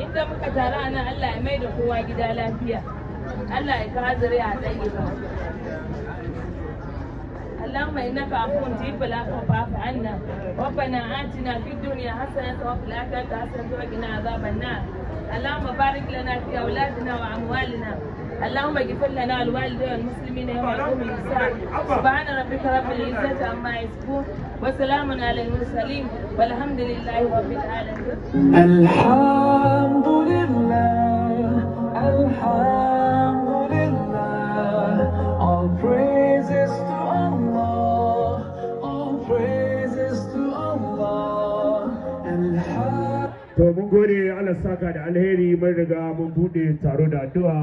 inda muka taru a Allah ya mai kowa gida lafiya Allah ya kawo zuriya a tsaye ba اللهم انك عفو تجيب العفو فاعف عنا ربنا اتنا في الدنيا حسنه وفي الاخره حسنه وقنا عذاب النار اللهم بارك لنا في اولادنا واموالنا اللهم اغفر لنا الوالدين والمسلمين يوم يقوم سبحان ربك رب العزه عما يصفون وسلام على المرسلين والحمد لله رب العالمين الحمد to mun gode Allah saka da alheri mun riga mun bude taro da addu'a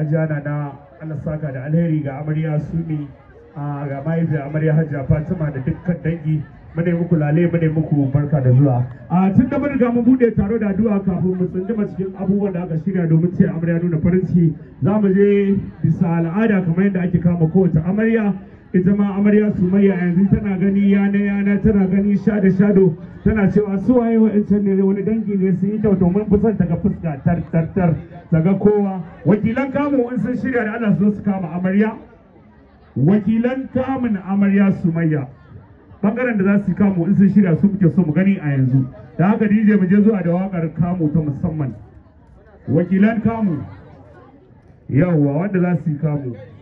ajana na Allah saka da alheri ga amarya sumi ga mahaifiyar amarya hajja fatima da dukkan dangi yi muku lale muku barka da zuwa a tun da riga mun bude taro da addu'a kafin mu tsunduma cikin abubuwan da aka shirya domin ce amarya nuna farin ciki za mu je bisa al'ada kamar yadda ake kama kowace amarya ita ma amarya sumayya yanzu tana gani yana yana tana gani yi shado shado tana cewa su waye wa'ancan ne wani dangi ne sun yi kyau to mun fi son ta ga fuska tar tar tar ta ga kowa wakilan kamu in sun shirya da Allah su su kama amarya wakilan kamun amarya sumayya bangaren da za su kamu in sun shirya su muke so mu gani a yanzu da haka DJ mu je zuwa da wakar kamu ta musamman wakilan kamu yawwa wanda za su kamu. kamo